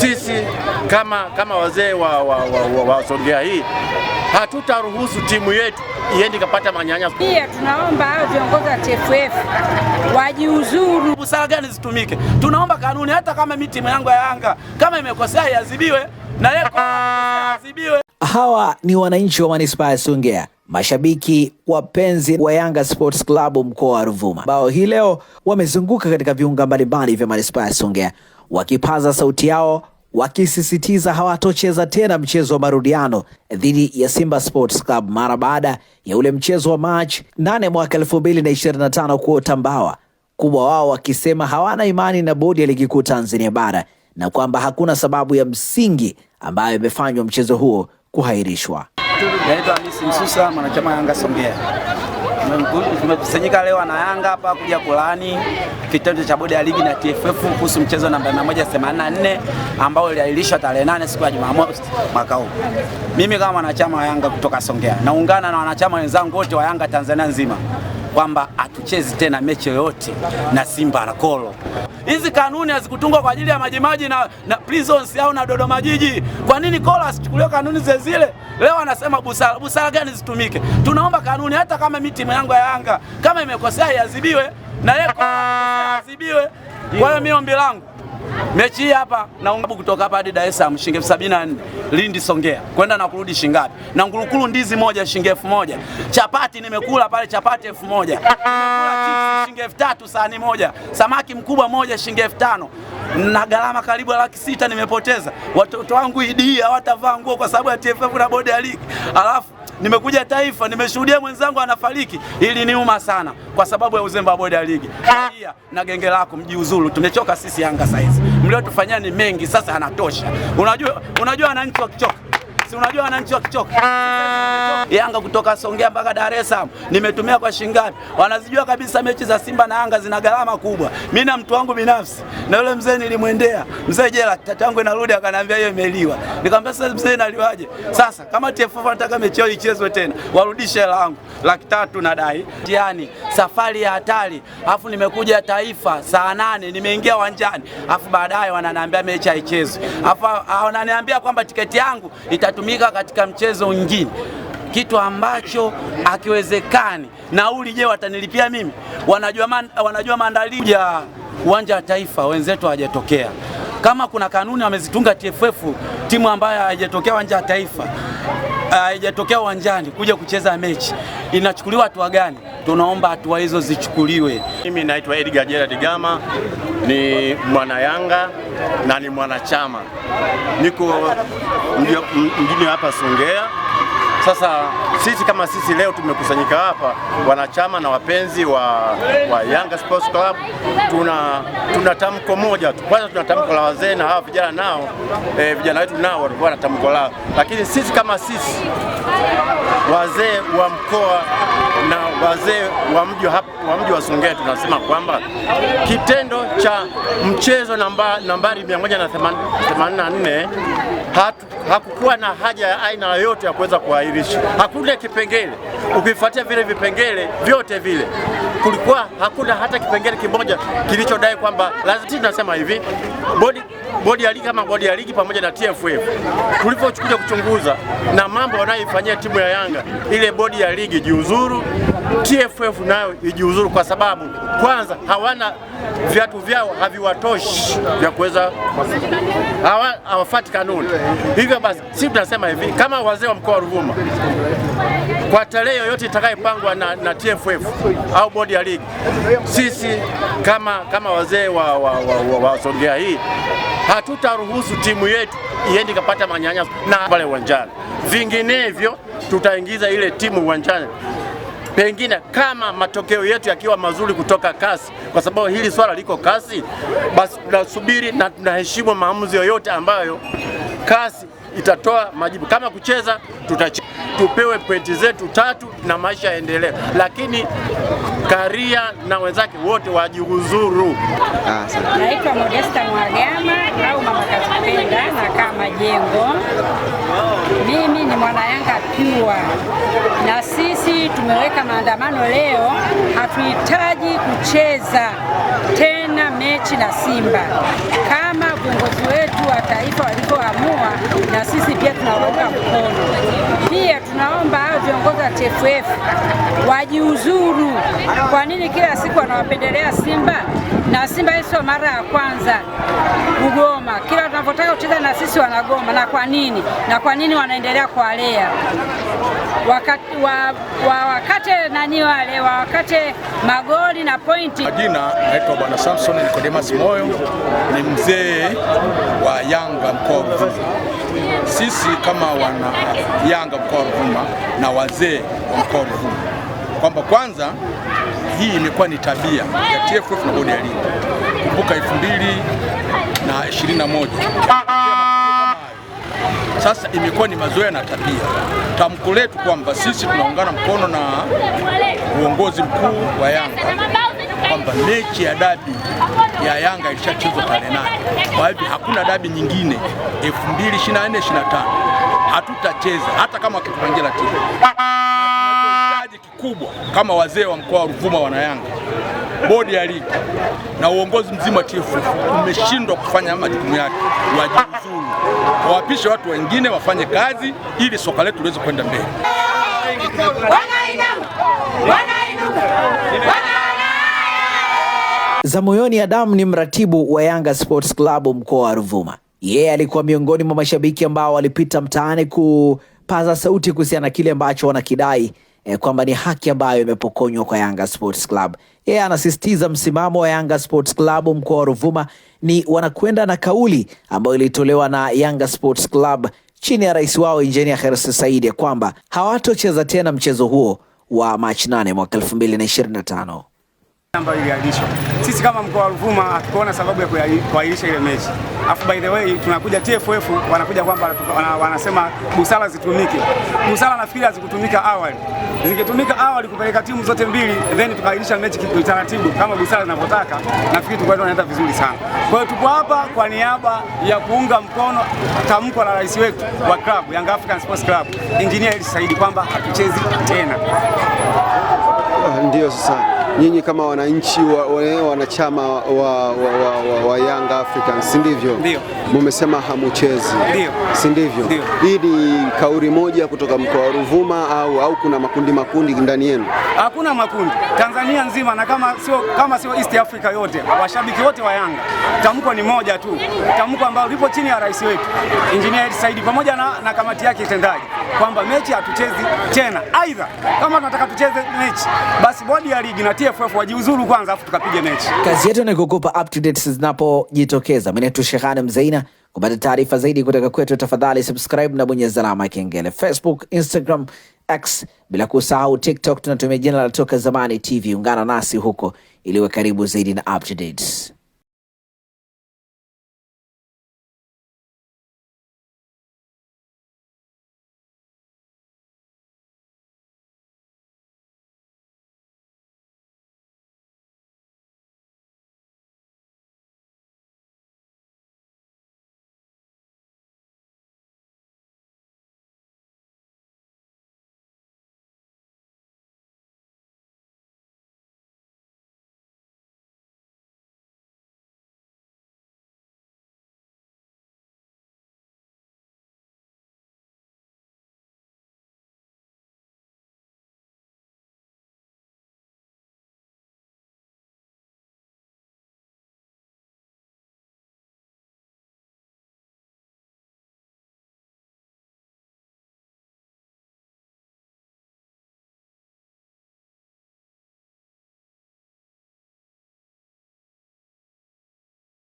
sisi kama, kama wazee wa, wa, wa, wa, wa Songea hii hatutaruhusu timu yetu iende ikapata manyanya. Pia tunaomba hao viongozi wa TFF wajiuzuru. Busara gani zitumike? Tunaomba kanuni, hata kama miti timu yangu ya Yanga kama imekosea iadhibiwe na leo iadhibiwe. Hawa ni wananchi wa manispaa ya Songea, mashabiki wapenzi wa Yanga Sports Club mkoa wa Ruvuma, ambao hii leo wamezunguka katika viunga mbalimbali vya manispaa ya Songea wakipaza sauti yao wakisisitiza hawatocheza tena mchezo wa marudiano dhidi ya Simba Sports Club mara baada ya ule mchezo wa Machi 8 mwaka 2025 kuwa utambawa kubwa, wao wakisema hawana imani na bodi ya ligi kuu Tanzania bara na kwamba hakuna sababu ya msingi ambayo imefanywa mchezo huo kuhairishwa. Naitwa Hamisi Msusa, mwanachama Yanga Songea tumekusanyika leo na Yanga hapa kuja kulaani kitendo cha bodi ya ligi na TFF kuhusu mchezo namba 184 ambao uliahirishwa tarehe nane siku ya Jumamosi mwaka huu. Mimi kama mwanachama wa Yanga kutoka Songea naungana na wanachama wenzangu wote wa Yanga Tanzania nzima kwamba hatuchezi tena mechi yoyote na Simba na Kolo. Hizi kanuni hazikutungwa kwa ajili ya Majimaji na, na Prisons au na Dodoma Jiji. Kwa nini Kolo asichukuliwe kanuni zile zile? Leo anasema busara, busara gani zitumike? Tunaomba kanuni, hata kama miti timu yangu ya Yanga kama imekosea iadhibiwe na yeye aadhibiwe. Kwa hiyo mimi ombi langu Mechi hii hapa na ungabu kutoka hapa hadi Dar es Salaam shilingi 74, Lindi Songea. Kwenda na kurudi shingapi? Na ngurukulu ndizi moja shilingi 1000. Chapati nimekula pale chapati 1000. Nimekula chips shilingi 3000 sahani moja. Samaki mkubwa moja shilingi 5000. Na gharama karibu laki sita nimepoteza. Watoto wangu idii hawatavaa nguo kwa sababu ya TFF na bodi ya ligi. Alafu nimekuja Taifa, nimeshuhudia mwenzangu anafariki, ili niuma sana kwa sababu ya uzembe wa bodi ya ligi. Ah. Raia na genge lako mjiuzulu, tumechoka sisi Yanga saizi, mliotufanyia ni mengi, sasa anatosha. Unajua, unajua wananchi wakichoka basi, unajua wananchi wakichoka. Yanga kutoka Songea mpaka Dar es Salaam nimetumia kwa shingapi? Wanazijua kabisa mechi za Simba na Yanga zina gharama kubwa. Mimi na mtu wangu binafsi na yule mzee nilimwendea mzee jela tatangu inarudi, akaniambia hiyo imeliwa. Nikamwambia sasa mzee, inaliwaje sasa? Kama TFF anataka mechi yao ichezwe tena, warudishe hela yangu laki tatu na dai tiani. Safari ya hatari, afu nimekuja Taifa saa nane nimeingia uwanjani, afu baadaye wananiambia mechi haichezwi, afu wananiambia kwamba tiketi yangu itatu itatumika katika mchezo mwingine, kitu ambacho akiwezekani Nauli je, watanilipia mimi? Wanajua, man, wanajua maandalizi ya uwanja wa Taifa wenzetu hawajatokea. Kama kuna kanuni wamezitunga TFF, timu ambayo haijatokea uwanja wa Taifa Ah, haijatokea uh, uwanjani kuja kucheza mechi, inachukuliwa hatua gani? Tunaomba hatua hizo zichukuliwe. Mimi naitwa Edgar Gerard Gama, ni mwana Yanga na ni mwanachama, niko mjini hapa Songea. Sasa sisi kama sisi leo tumekusanyika hapa, wanachama na wapenzi wa, wa Yanga Sports Club, tuna, tuna tamko moja tu. Kwanza tuna tamko la wazee na hawa vijana nao, e, vijana wetu nao walikuwa na tamko lao, lakini sisi kama sisi wazee wa mkoa na wazee wa mji wa mji wa Songea tunasema kwamba kitendo cha mchezo namba, nambari 184 hatu, hakukuwa na haja ya aina yoyote ya kuweza kuahirisha. Hakuna kipengele, ukifuatia vile vipengele vyote vile, kulikuwa hakuna hata kipengele kimoja kilichodai kwamba lazima. Tunasema hivi bodi bodi ya ligi kama bodi ya ligi pamoja na TFF tulipochukua kuchunguza na mambo wanayoifanyia timu ya Yanga, ile bodi ya ligi jiuzuru, TFF nayo ijiuzuru, kwa sababu kwanza hawana viatu vyao haviwatoshi vya kuweza, hawafati kanuni. Hivyo basi, si tunasema hivi kama wazee wa mkoa wa Ruvuma, kwa tarehe yoyote itakayopangwa na, na TFF au bodi ya ligi, sisi kama, kama wazee wa, wa, wa, wa, wa Songea hii hatutaruhusu timu yetu iende ikapata manyanyaso na pale uwanjani, vinginevyo tutaingiza ile timu uwanjani pengine kama matokeo yetu yakiwa mazuri kutoka kasi, kwa sababu hili swala liko kasi, basi tunasubiri na tunaheshimu maamuzi yoyote ambayo kasi itatoa majibu. Kama kucheza, tutache, tupewe pointi zetu tatu na maisha yaendelee, lakini Karia na wenzake wote wajiuzuru. Naitwa Modesta Mwagama au Mama Katupenda na kama jengo, Mimi ni mwana Yanga pia na si sisi tumeweka maandamano leo, hatuhitaji kucheza tena mechi na Simba kama viongozi wetu wa taifa walivyoamua, na sisi pia tunawaunga mkono. Pia tunaomba hao viongozi wa TFF wajiuzuru. Kwa nini kila siku wanawapendelea Simba? Na Simba hii sio mara ya kwanza kugoma kila wanapotaka kucheza na sisi wanagoma. Na kwa nini? Na kwa nini wanaendelea kuwalea wawakate wa, wa, nani wale wawakate magoli na pointi. Majina naitwa Bwana Samson Nikodemas Moyo, ni mzee wa Yanga mkoa wa Ruvuma. Sisi kama wana Yanga mkoa wa Ruvuma na wazee wa mkoa wa Ruvuma, kwamba kwanza hii imekuwa ni tabia ya TFF na bodi ya ligi. Kumbuka elfu mbili 21. Sasa imekuwa ni mazoea na tabia. Tamko letu kwamba sisi tunaungana mkono na uongozi mkuu wa Yanga kwamba mechi ya dabi ya Yanga ilishachezwa tarehe nane. Kwa hivyo hakuna dabi nyingine 2024 25 hatutacheza hata kama wakitupangia timu kikubwa kama wazee wa mkoa wa Ruvuma wana Yanga, bodi ya ligi na uongozi mzima wa TFF umeshindwa kufanya majukumu yake, wajiuzuru, wawapishe watu wengine wafanye kazi ili soka letu liweze kwenda mbele. Zamoyoni adamu ni mratibu wa Yanga Sports Club mkoa wa Ruvuma. Yeye yeah, alikuwa miongoni mwa mashabiki ambao walipita mtaani kupaza sauti kuhusiana na kile ambacho wanakidai eh, kwamba ni haki ambayo imepokonywa kwa Yanga Sports Club. Yeye yeah, anasisitiza msimamo wa Yanga Sports Club mkoa wa Ruvuma ni wanakwenda na kauli ambayo ilitolewa na Yanga Sports Club chini ya rais wao Injinia Hersi Said ya kwamba hawatocheza tena mchezo huo wa Machi 8 mwaka 2025 ambayo iliahirishwa. Sisi kama mkoa wa Ruvuma hatukuona sababu ya kuahirisha ile mechi. Afu by the way tunakuja TFF wanakuja kwamba wanasema busara zitumike. Busara nafikiri hazikutumika awali. Zingetumika awali kupeleka timu zote mbili then tukaahirisha mechi kwa taratibu kama busara zinavyotaka, nafikiri tulikuwa tunaenda vizuri sana. Kwa hiyo tupo hapa kwa niaba ya kuunga mkono tamko la rais wetu wa klabu Young African Sports Club, Engineer Hersi Said kwamba hatuchezi tena. Ah, ndio sasa nyinyi kama wananchi wanachama wa, wa, wa, wa, wa Young Africans, si ndivyo? Mumesema hamuchezi, si ndivyo? Hii ni kauli moja kutoka mkoa wa Ruvuma au, au kuna makundi makundi ndani yenu? Hakuna makundi Tanzania nzima, na kama sio kama sio East Africa yote, washabiki wote wa Yanga tamko ni moja tu, tamko ambalo lipo chini ya rais wetu Engineer Said pamoja na, na kamati yake itendaji kwamba mechi hatuchezi tena, aidha kama tunataka tucheze mechi basi bodi ya ligi na TFF wajiuzuru kwanza, afu tukapiga mechi. Kazi yetu ni kukupa up to date zinapojitokeza. Mimi ni Shehan Mzeina. Kupata taarifa zaidi kutoka kwetu, tafadhali subscribe na bonyeza alama ya kengele. Facebook, Instagram, X, bila kusahau TikTok tunatumia jina la Toka Zamani TV. Ungana nasi huko ili uwe karibu zaidi na up to date.